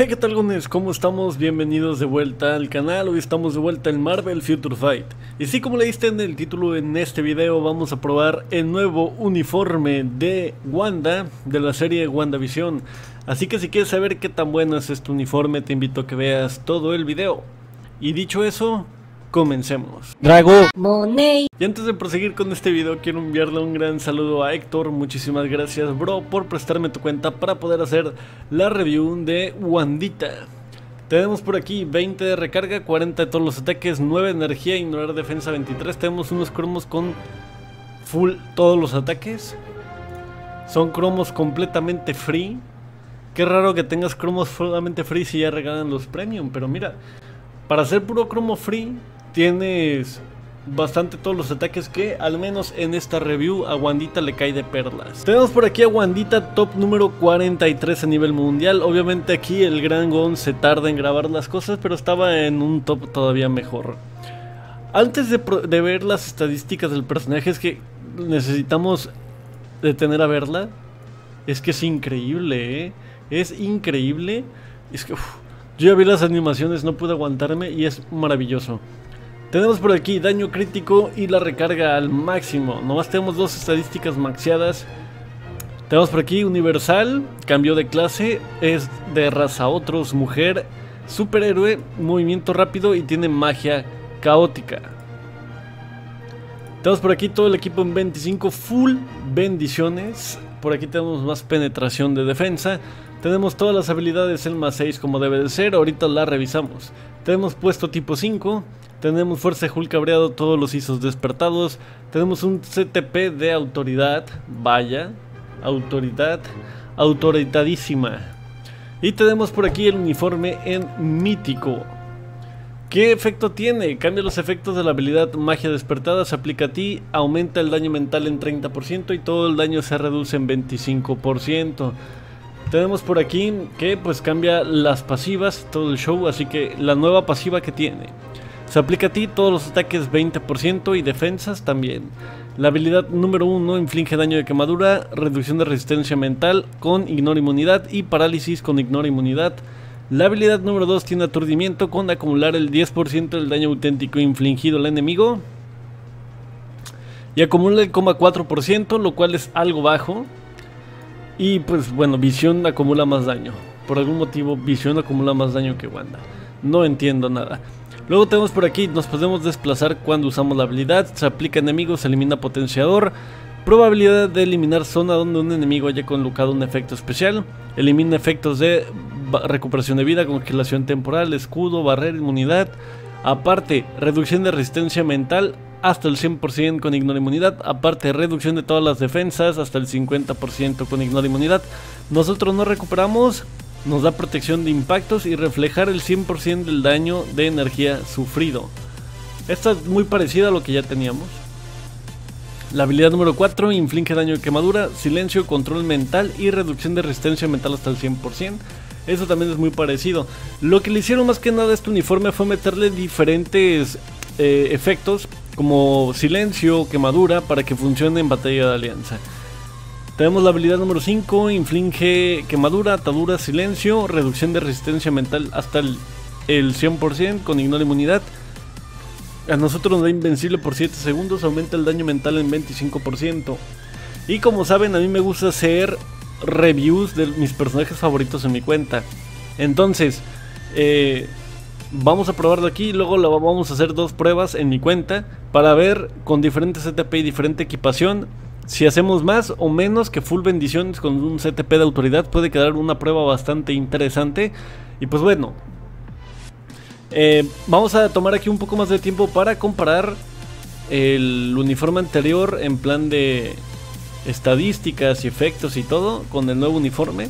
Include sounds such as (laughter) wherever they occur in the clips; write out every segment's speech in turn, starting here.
Hey, ¿qué tal, Gones? ¿Cómo estamos? Bienvenidos de vuelta al canal. Hoy estamos de vuelta en Marvel Future Fight. Y sí, como leíste en el título en este video, vamos a probar el nuevo uniforme de Wanda, de la serie WandaVision. Así que si quieres saber qué tan bueno es este uniforme, te invito a que veas todo el video. Y dicho eso, Comencemos. Drago. Money. Y antes de proseguir con este video, quiero enviarle un gran saludo a Héctor. Muchísimas gracias, bro, por prestarme tu cuenta para poder hacer la review de Wandita. Tenemos por aquí 20 de recarga, 40 de todos los ataques, 9 de energía, ignorar defensa 23. Tenemos unos cromos con full todos los ataques. Son cromos completamente free. Qué raro que tengas cromos solamente free si ya regalan los premium, pero mira, para ser puro cromo free, tienes bastante todos los ataques que, al menos en esta review, a Wandita le cae de perlas. Tenemos por aquí a Wandita top número 43 a nivel mundial. Obviamente aquí el Gran Gon se tarda en grabar las cosas, pero estaba en un top todavía mejor. Antes de, ver las estadísticas del personaje, es que necesitamos detener a verla. Es que es increíble, ¿eh? Es increíble. Es que... yo ya vi las animaciones, no pude aguantarme y es maravilloso. Tenemos por aquí daño crítico y la recarga al máximo. Nomás tenemos dos estadísticas maxeadas. Tenemos por aquí universal, cambio de clase, es de raza otros, mujer, superhéroe, movimiento rápido y tiene magia caótica. Tenemos por aquí todo el equipo en 25, full bendiciones. Por aquí tenemos más penetración de defensa. Tenemos todas las habilidades el más 6 como debe de ser, ahorita la revisamos. Tenemos puesto tipo 5, tenemos Fuerza de Hulk cabreado, todos los ISOs despertados. Tenemos un CTP de autoridad. Vaya. Autoridad. Autoridadísima Y tenemos por aquí el uniforme en mítico. ¿Qué efecto tiene? Cambia los efectos de la habilidad magia despertada, se aplica a ti, aumenta el daño mental en 30% y todo el daño se reduce en 25%. Tenemos por aquí que pues cambia las pasivas, todo el show, así que la nueva pasiva que tiene. Se aplica a ti todos los ataques 20% y defensas también. La habilidad número 1 inflige daño de quemadura, reducción de resistencia mental con ignora inmunidad y parálisis con ignora inmunidad. La habilidad número 2 tiene aturdimiento con acumular el 10% del daño auténtico infligido al enemigo. Y acumula el 4%, lo cual es algo bajo. Y pues bueno, visión acumula más daño. Por algún motivo, visión acumula más daño que Wanda. No entiendo nada. Luego tenemos por aquí, nos podemos desplazar cuando usamos la habilidad, se aplica enemigos, se elimina potenciador, probabilidad de eliminar zona donde un enemigo haya colocado un efecto especial, elimina efectos de recuperación de vida, congelación temporal, escudo, barrera, inmunidad, aparte reducción de resistencia mental hasta el 100% con ignora inmunidad, aparte reducción de todas las defensas hasta el 50% con ignora inmunidad. Nosotros no recuperamos nos da protección de impactos y reflejar el 100% del daño de energía sufrido. Esta es muy parecida a lo que ya teníamos. La habilidad número 4 inflige daño de quemadura, silencio, control mental y reducción de resistencia mental hasta el 100%. Eso también es muy parecido. Lo que le hicieron más que nada a este uniforme fue meterle diferentes eh, efectos como silencio, quemadura, para que funcione en batalla de alianza. Tenemos la habilidad número 5, inflige quemadura, atadura, silencio, reducción de resistencia mental hasta el, 100% con ignora inmunidad. A nosotros nos da invencible por 7 segundos, aumenta el daño mental en 25%. Y como saben, a mí me gusta hacer reviews de mis personajes favoritos en mi cuenta. Entonces, eh, vamos a probarlo aquí. y Luego lo vamos a hacer dos pruebas en mi cuenta para ver con diferentes ETP y diferente equipación si hacemos más o menos que full bendiciones con un CTP de autoridad puede quedar una prueba bastante interesante. Y pues bueno, eh, vamos a tomar aquí un poco más de tiempo para comparar el uniforme anterior en plan de estadísticas y efectos y todo con el nuevo uniforme.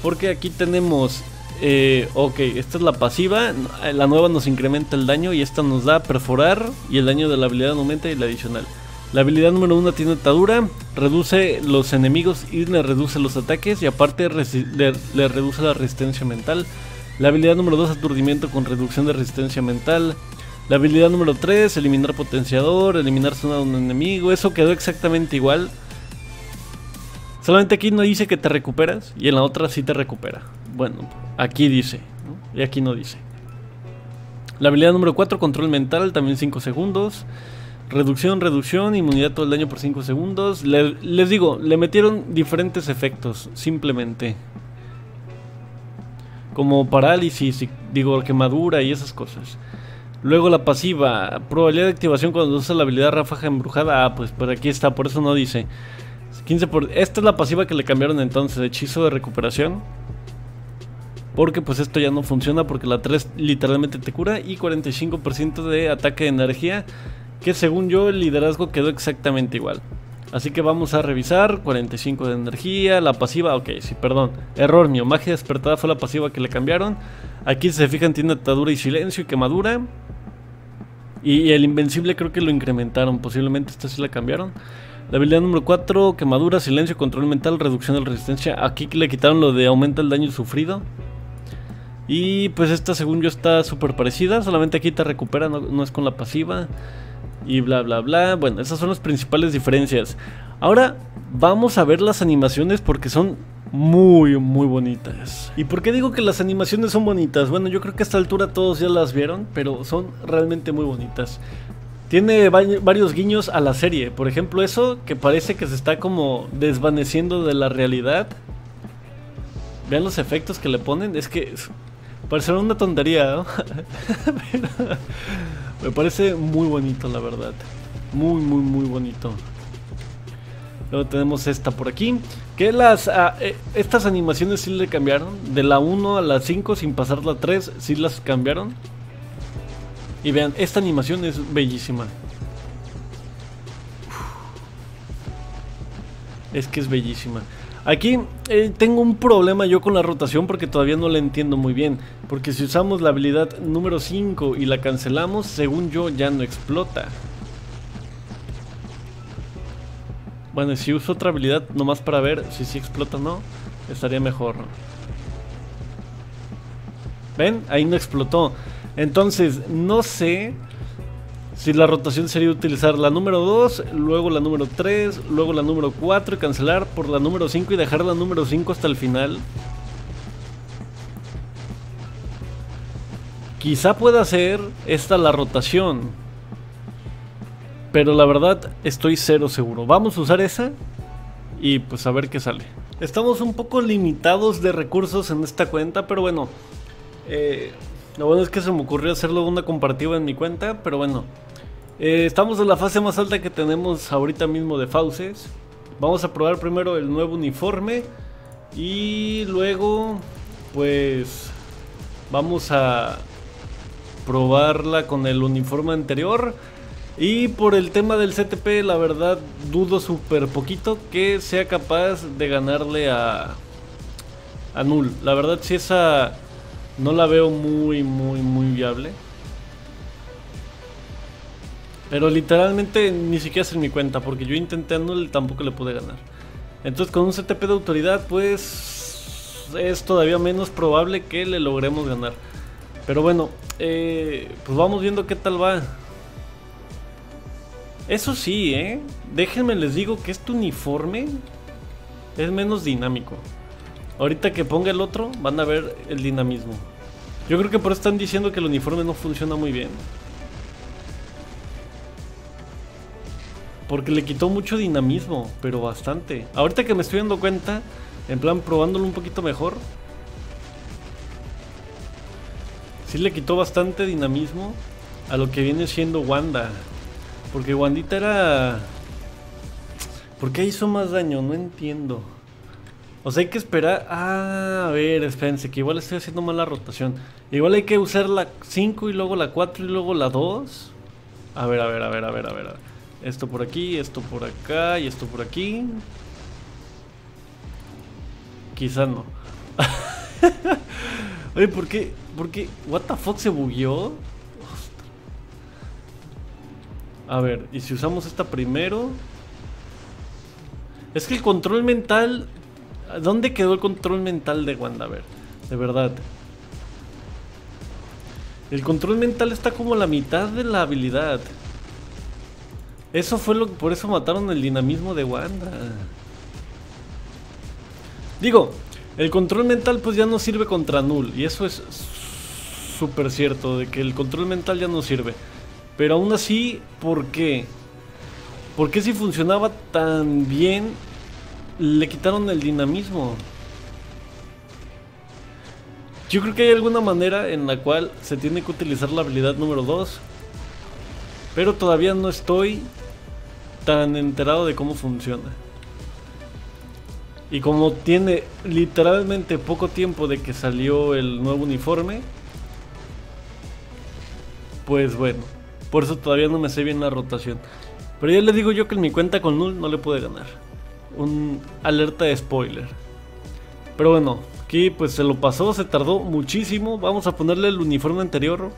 Porque aquí tenemos, eh, ok, esta es la pasiva, la nueva nos incrementa el daño y esta nos da perforar y el daño de la habilidad aumenta y la adicional. La habilidad número 1 tiene atadura, reduce los enemigos y le reduce los ataques y aparte le, reduce la resistencia mental. La habilidad número 2 aturdimiento con reducción de resistencia mental. La habilidad número 3 eliminar potenciador, eliminar zona de un enemigo, eso quedó exactamente igual. Solamente aquí no dice que te recuperas y en la otra sí te recupera. Bueno, aquí dice y aquí no dice. La habilidad número 4 control mental, también 5 segundos. Reducción, reducción, inmunidad todo el daño por 5 segundos. les digo, le metieron diferentes efectos, simplemente. Como parálisis, digo, quemadura y esas cosas. Luego la pasiva, probabilidad de activación cuando usa la habilidad ráfaga embrujada. Ah, pues por aquí está, por eso no dice. 15 por... Esta es la pasiva que le cambiaron entonces, hechizo de recuperación. Porque pues esto ya no funciona porque la 3 literalmente te cura y 45% de ataque de energía que según yo el liderazgo quedó exactamente igual. Así que vamos a revisar, 45 de energía, la pasiva, ok, sí, perdón, error mío, magia despertada fue la pasiva que le cambiaron. Aquí se fijan tiene atadura y silencio y quemadura. Y, el invencible creo que lo incrementaron, posiblemente esta sí la cambiaron. La habilidad número 4, quemadura, silencio, control mental, reducción de resistencia. Aquí le quitaron lo de aumenta el daño sufrido. Y pues esta según yo está súper parecida, solamente aquí te recupera, no es con la pasiva y bla bla bla. Bueno, esas son las principales diferencias. Ahora vamos a ver las animaciones porque son muy muy bonitas. ¿Y por qué digo que las animaciones son bonitas? Bueno, yo creo que a esta altura todos ya las vieron, pero son realmente muy bonitas. Tiene varios guiños a la serie, por ejemplo eso que parece que se está como desvaneciendo de la realidad. Vean los efectos que le ponen, es que parece una tontería, ¿no? (laughs) pero... Me parece muy bonito, la verdad. Muy, muy, muy bonito. Luego tenemos esta por aquí. Que las ah, eh, estas animaciones sí le cambiaron. De la 1 a la 5 sin pasar la 3 sí las cambiaron. Y vean, esta animación es bellísima. Es que es bellísima. Aquí eh, tengo un problema yo con la rotación porque todavía no la entiendo muy bien. Porque si usamos la habilidad número 5 y la cancelamos, según yo ya no explota. Bueno, si uso otra habilidad nomás para ver si sí explota o no, estaría mejor. ¿Ven? Ahí no explotó. Entonces, no sé si la rotación sería utilizar la número 2, luego la número 3, luego la número 4 y cancelar por la número 5 y dejar la número 5 hasta el final. Quizá pueda ser esta la rotación. Pero la verdad estoy cero seguro. Vamos a usar esa y pues a ver qué sale. Estamos un poco limitados de recursos en esta cuenta, pero bueno. Eh, lo bueno es que se me ocurrió hacerlo una compartida en mi cuenta, pero bueno. Eh, estamos en la fase más alta que tenemos ahorita mismo de fauces. Vamos a probar primero el nuevo uniforme y luego pues vamos a probarla con el uniforme anterior. Y por el tema del CTP, la verdad dudo súper poquito que sea capaz de ganarle a, a Null. La verdad si esa no la veo muy, muy, muy viable. Pero literalmente ni siquiera se en mi cuenta, porque yo intentándole tampoco le pude ganar. Entonces con un CTP de autoridad, pues es todavía menos probable que le logremos ganar. Pero bueno, eh, pues vamos viendo qué tal va. Eso sí, ¿eh? Déjenme les digo que este uniforme es menos dinámico. Ahorita que ponga el otro, van a ver el dinamismo. Yo creo que por eso están diciendo que el uniforme no funciona muy bien. Porque le quitó mucho dinamismo, pero bastante. Ahorita que me estoy dando cuenta, en plan probándolo un poquito mejor. Sí le quitó bastante dinamismo a lo que viene siendo Wanda. Porque Wandita era... ¿Por qué hizo más daño? No entiendo. O sea, hay que esperar. Ah, a ver, espérense, que igual estoy haciendo mala rotación. Igual hay que usar la 5 y luego la 4 y luego la 2. A ver, a ver, a ver, a ver, a ver. Esto por aquí, esto por acá y esto por aquí. Quizás no. (laughs) Oye, ¿por qué? ¿Por qué? ¿What the fuck se bugueó? A ver, ¿y si usamos esta primero? Es que el control mental ¿Dónde quedó el control mental de Wanda? A ver, de verdad. El control mental está como la mitad de la habilidad. Eso fue lo que por eso mataron el dinamismo de Wanda. Digo, el control mental pues ya no sirve contra Null. Y eso es súper cierto, de que el control mental ya no sirve. Pero aún así, ¿por qué? ¿Por qué si funcionaba tan bien le quitaron el dinamismo. Yo creo que hay alguna manera en la cual se tiene que utilizar la habilidad número 2. Pero todavía no estoy tan enterado de cómo funciona. Y como tiene literalmente poco tiempo de que salió el nuevo uniforme, pues bueno, por eso todavía no me sé bien la rotación. Pero ya le digo yo que en mi cuenta con null no le puede ganar un alerta de spoiler. Pero bueno, aquí pues se lo pasó, se tardó muchísimo. Vamos a ponerle el uniforme anterior,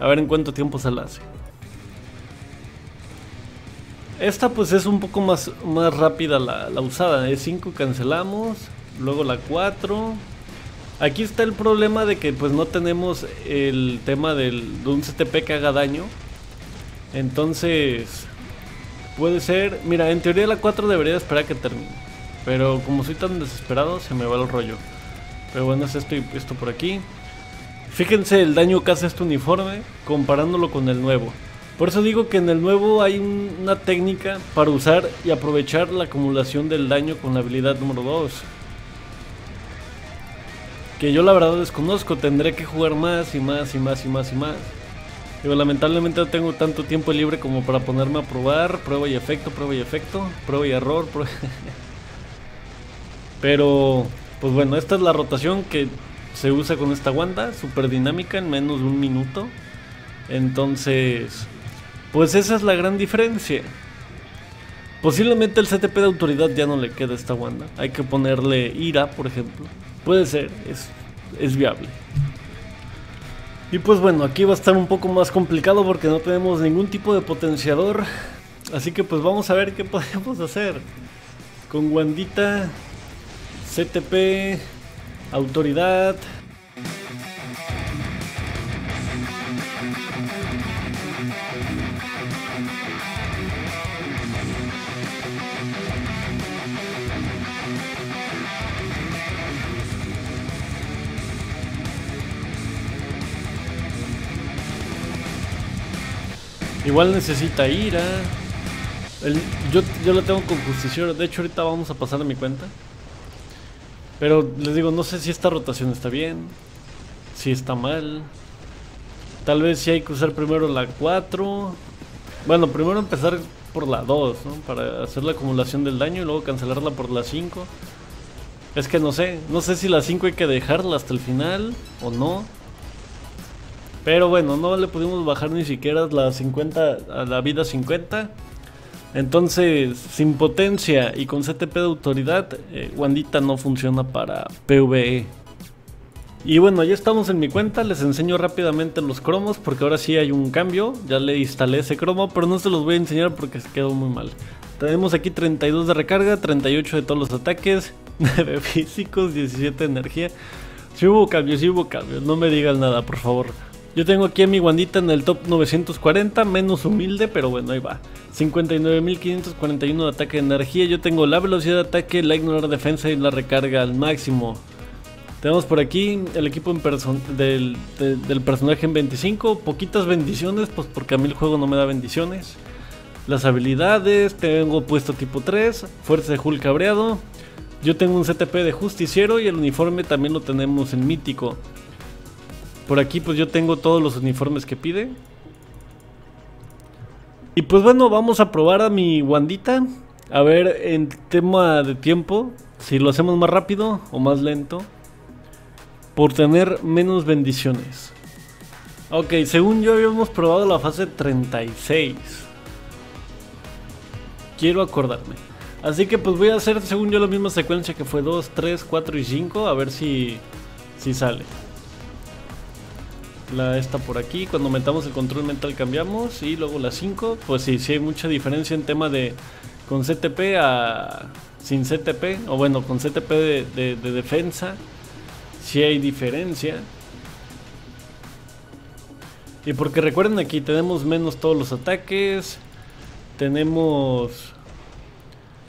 a ver en cuánto tiempo se la hace. Esta pues es un poco más, más rápida la, usada, es 5 cancelamos, luego la 4. Aquí está el problema de que pues no tenemos el tema del, de un CTP que haga daño. Entonces Puede ser, mira, en teoría la 4 debería esperar que termine. Pero como soy tan desesperado, se me va el rollo. Pero bueno, es esto, y esto por aquí. Fíjense el daño que hace este uniforme comparándolo con el nuevo. Por eso digo que en el nuevo hay una técnica para usar y aprovechar la acumulación del daño con la habilidad número 2. Que yo la verdad desconozco, tendré que jugar más y más y más y más y más lamentablemente no tengo tanto tiempo libre como para ponerme a probar. Prueba y efecto, prueba y efecto, prueba y error. (laughs) Pero, pues bueno, esta es la rotación que se usa con esta Wanda. Super dinámica en menos de un minuto. Entonces, pues esa es la gran diferencia. Posiblemente el CTP de autoridad ya no le queda esta Wanda. Hay que ponerle ira, por ejemplo. Puede ser, es, es viable. Y pues bueno, aquí va a estar un poco más complicado porque no tenemos ningún tipo de potenciador. Así que pues vamos a ver qué (laughs) podemos hacer. Con Wandita CTP, Autoridad, Igual necesita ira. ¿eh? yo, yo lo tengo con justicia De hecho, ahorita vamos a pasar a mi cuenta. Pero les digo, no sé si esta rotación está bien. Si está mal. Tal vez si hay que usar primero la 4. Bueno, primero empezar por la 2, Para hacer la acumulación del daño y luego cancelarla por la 5. Es que no sé. No sé si la 5 hay que dejarla hasta el final o no. Pero bueno, no le pudimos bajar ni siquiera la 50, a la vida 50. Entonces, sin potencia y con CTP de autoridad, eh, Wandita no funciona para PvE. Y bueno, ya estamos en mi cuenta, les enseño rápidamente los cromos porque ahora sí hay un cambio, ya le instalé ese cromo, pero no se los voy a enseñar porque se quedó muy mal. Tenemos aquí 32 de recarga, 38 de todos los ataques, 9 (laughs) físicos, 17 de energía. Si sí hubo cambios, si sí hubo cambios, no me digan nada, por favor. Yo tengo aquí a mi guandita en el top 940, menos humilde, pero bueno, ahí va. 59.541 de ataque de energía. Yo tengo la velocidad de ataque, la ignorar defensa y la recarga al máximo. Tenemos por aquí el equipo del, personaje en 25. Poquitas bendiciones, pues porque a mí el juego no me da bendiciones. Las habilidades, tengo puesto tipo 3, fuerza de Hulk cabreado. Yo tengo un CTP de justiciero y el uniforme también lo tenemos en mítico. Por aquí pues yo tengo todos los uniformes que pide. Y pues bueno, vamos a probar a mi Wandita. A ver, en tema de tiempo, si lo hacemos más rápido o más lento. Por tener menos bendiciones. Ok, según yo habíamos probado la fase 36. Quiero acordarme. Así que pues voy a hacer según yo la misma secuencia que fue 2, 3, 4 y 5. A ver si, si sale la esta por aquí. Cuando metamos el control mental cambiamos. Y luego la 5. Pues sí, sí hay mucha diferencia en tema de con CTP a sin CTP. O bueno, con CTP de, defensa. si hay diferencia. Y porque recuerden aquí tenemos menos todos los ataques. Tenemos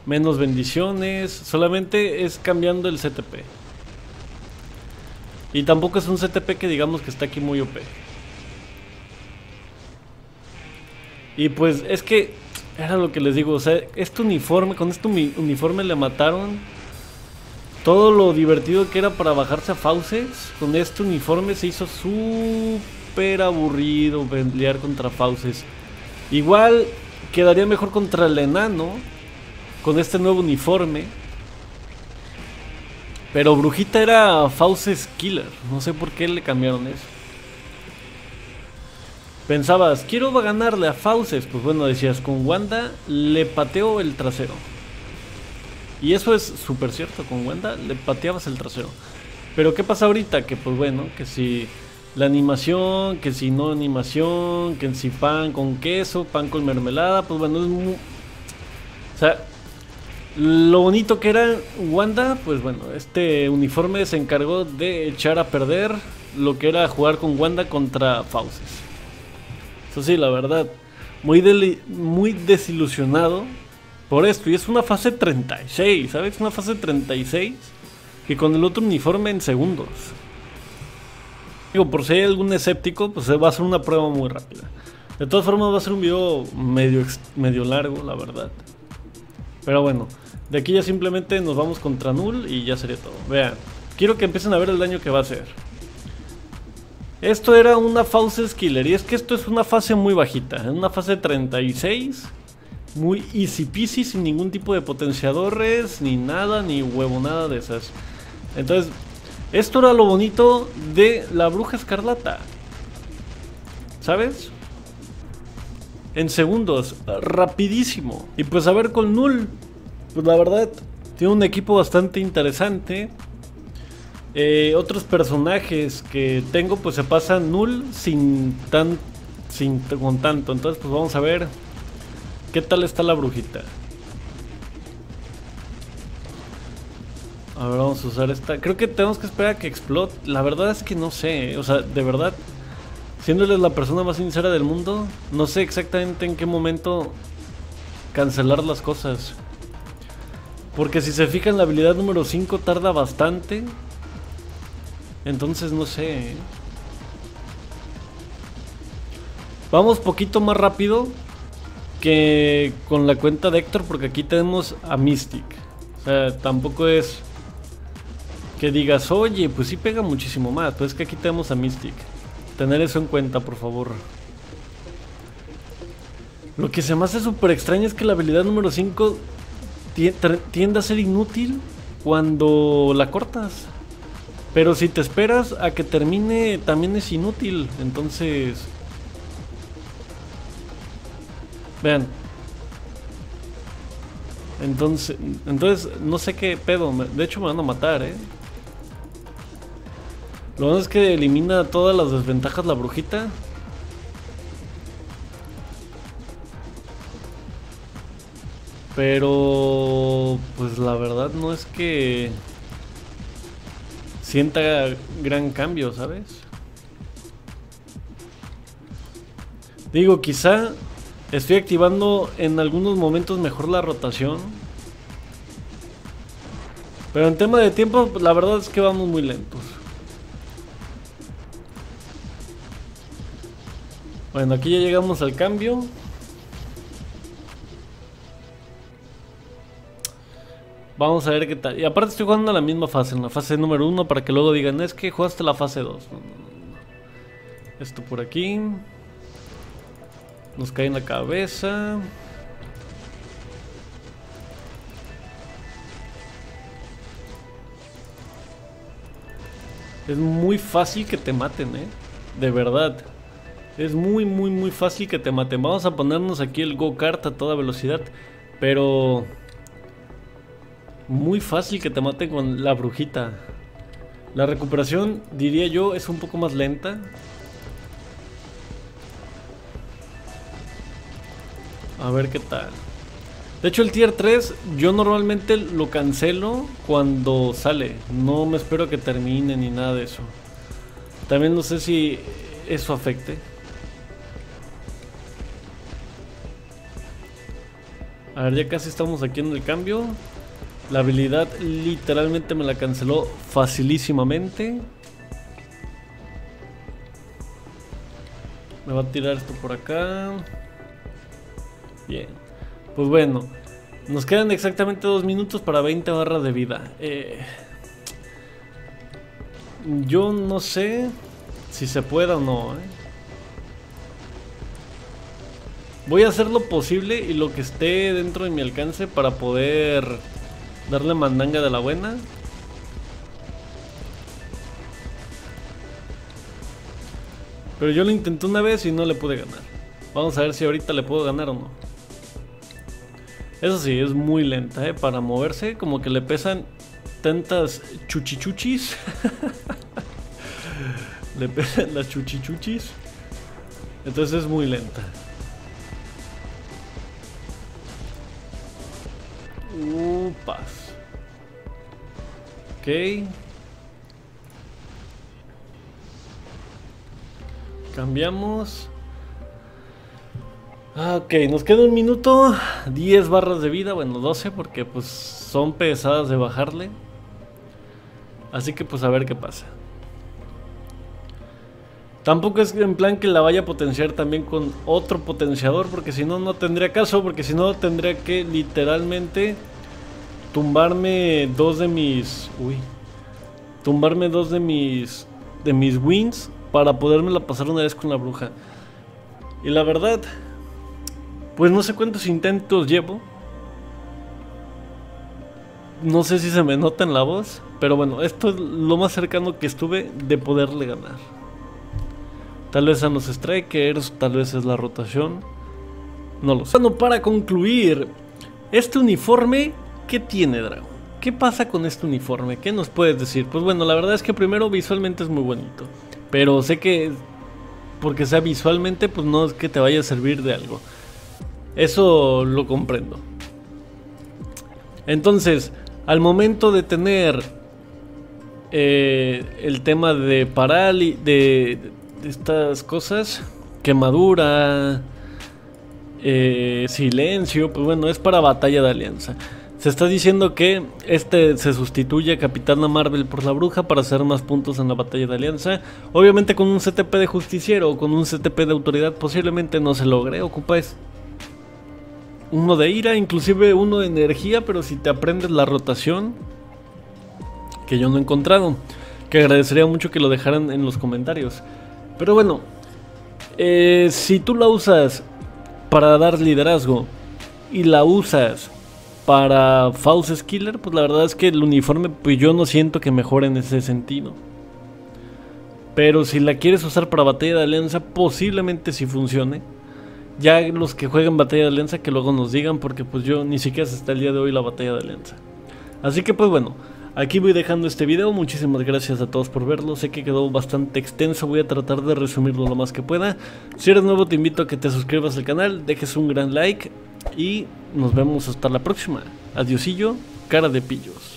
menos bendiciones. Solamente es cambiando el CTP. Y tampoco es un CTP que digamos que está aquí muy OP. Y pues es que era lo que les digo, o sea, este uniforme, con este uniforme le mataron todo lo divertido que era para bajarse a Fauces. Con este uniforme se hizo súper aburrido pelear contra Fauces. Igual quedaría mejor contra el enano con este nuevo uniforme. Pero Brujita era Fauces Killer. No sé por qué le cambiaron eso. Pensabas, quiero ganarle a Fauces. Pues bueno, decías, con Wanda le pateo el trasero. Y eso es súper cierto, con Wanda le pateabas el trasero. Pero ¿qué pasa ahorita? Que pues bueno, que si la animación, que si no animación, que si pan con queso, pan con mermelada, pues bueno, es O sea, lo bonito que era Wanda, pues bueno, este uniforme se encargó de echar a perder lo que era jugar con Wanda contra Fauces. Eso sí, la verdad, muy, muy desilusionado por esto. Y es una fase 36, ¿sabes? Una fase 36 que con el otro uniforme en segundos. Digo, por si hay algún escéptico, pues va a ser una prueba muy rápida. De todas formas, va a ser un video medio, medio largo, la verdad. Pero bueno, de aquí ya simplemente nos vamos contra Null y ya sería todo. Vean, quiero que empiecen a ver el daño que va a hacer. Esto era una Faust skiller y es que esto es una fase muy bajita, en una fase 36, muy easy peasy, sin ningún tipo de potenciadores, ni nada, ni huevo, nada de esas. Entonces, esto era lo bonito de la bruja escarlata. ¿Sabes? En segundos, rapidísimo. Y pues a ver con Null, pues la verdad, tiene un equipo bastante interesante. Eh, otros personajes que tengo, pues se pasan null sin tan, sin, con tanto. Entonces, pues vamos a ver qué tal está la brujita. A ver, vamos a usar esta. Creo que tenemos que esperar a que explote. La verdad es que no sé. Eh. O sea, de verdad, Siéndole la persona más sincera del mundo, no sé exactamente en qué momento cancelar las cosas. Porque si se fijan, la habilidad número 5 tarda bastante. Entonces no sé. ¿eh? Vamos poquito más rápido que con la cuenta de Héctor porque aquí tenemos a Mystic. O sea, tampoco es que digas, oye, pues sí pega muchísimo más. Pues es que aquí tenemos a Mystic. Tener eso en cuenta, por favor. Lo que se me hace súper extraño es que la habilidad número 5 tiende a ser inútil cuando la cortas. Pero si te esperas a que termine, también es inútil. Entonces... Vean. Entonces, entonces no sé qué pedo. De hecho me van a matar, ¿eh? Lo bueno es que elimina todas las desventajas la brujita. Pero, pues la verdad no es que sienta gran cambio, ¿sabes? Digo, quizá estoy activando en algunos momentos mejor la rotación. Pero en tema de tiempo, la verdad es que vamos muy lentos. Bueno, aquí ya llegamos al cambio. Vamos a ver qué tal. Y aparte estoy jugando la misma fase, en la fase número uno para que luego digan, es que jugaste la fase 2. Esto por aquí. Nos cae en la cabeza. Es muy fácil que te maten, eh. De verdad. Es muy, muy, muy fácil que te maten. Vamos a ponernos aquí el go-kart a toda velocidad. Pero muy fácil que te maten con la brujita. La recuperación, diría yo, es un poco más lenta. A ver qué tal. De hecho, el tier 3 yo normalmente lo cancelo cuando sale. No me espero que termine ni nada de eso. También no sé si eso afecte. A ver, ya casi estamos aquí en el cambio. La habilidad literalmente me la canceló facilísimamente. Me va a tirar esto por acá. Bien. Pues bueno. Nos quedan exactamente 2 minutos para 20 barras de vida. Eh, yo no sé si se pueda o no. ¿eh? Voy a hacer lo posible y lo que esté dentro de mi alcance para poder Darle mandanga de la buena. Pero yo lo intenté una vez y no le pude ganar. Vamos a ver si ahorita le puedo ganar o no. Eso sí, es muy lenta, ¿eh? Para moverse, como que le pesan tantas chuchichuchis. (laughs) le pesan las chuchichuchis. Entonces es muy lenta. paz. Ok. Cambiamos. Ah, ok, nos queda un minuto. 10 barras de vida, bueno, 12 porque pues son pesadas de bajarle. Así que pues a ver qué pasa. Tampoco es en plan que la vaya a potenciar también con otro potenciador, porque si no, no tendría caso, porque si no, tendría que literalmente tumbarme dos de mis... Uy. Tumbarme dos de mis... De mis wins para podérmela pasar una vez con la bruja. Y la verdad, pues no sé cuántos intentos llevo. No sé si se me nota en la voz, pero bueno, esto es lo más cercano que estuve de poderle ganar. Tal vez a los strikers, tal vez es la rotación. No lo sé. Bueno, para concluir, este uniforme ¿Qué tiene Drago? ¿Qué pasa con este uniforme? ¿Qué nos puedes decir? Pues bueno, la verdad es que primero visualmente es muy bonito. Pero sé que porque sea visualmente, pues no es que te vaya a servir de algo. Eso lo comprendo. Entonces, al momento de tener eh, el tema de parálisis, de, de estas cosas, quemadura, eh, silencio, pues bueno, es para batalla de alianza. Se está diciendo que este se sustituye a Capitana Marvel por la bruja para hacer más puntos en la batalla de alianza. Obviamente con un CTP de justiciero o con un CTP de autoridad posiblemente no se logre, ocupáis uno de ira, inclusive uno de energía, pero si te aprendes la rotación, que yo no he encontrado, que agradecería mucho que lo dejaran en los comentarios. Pero bueno, eh, si tú la usas para dar liderazgo y la usas para Faust Skiller, pues la verdad es que el uniforme, pues yo no siento que mejore en ese sentido. Pero si la quieres usar para batalla de alianza, posiblemente si funcione. Ya los que juegan batalla de alianza, que luego nos digan, porque pues yo ni siquiera hasta el día de hoy la batalla de alianza. Así que pues bueno, aquí voy dejando este video. Muchísimas gracias a todos por verlo. Sé que quedó bastante extenso, voy a tratar de resumirlo lo más que pueda. Si eres nuevo, te invito a que te suscribas al canal, dejes un gran like y nos vemos hasta la próxima. Adiosillo, cara de pillos.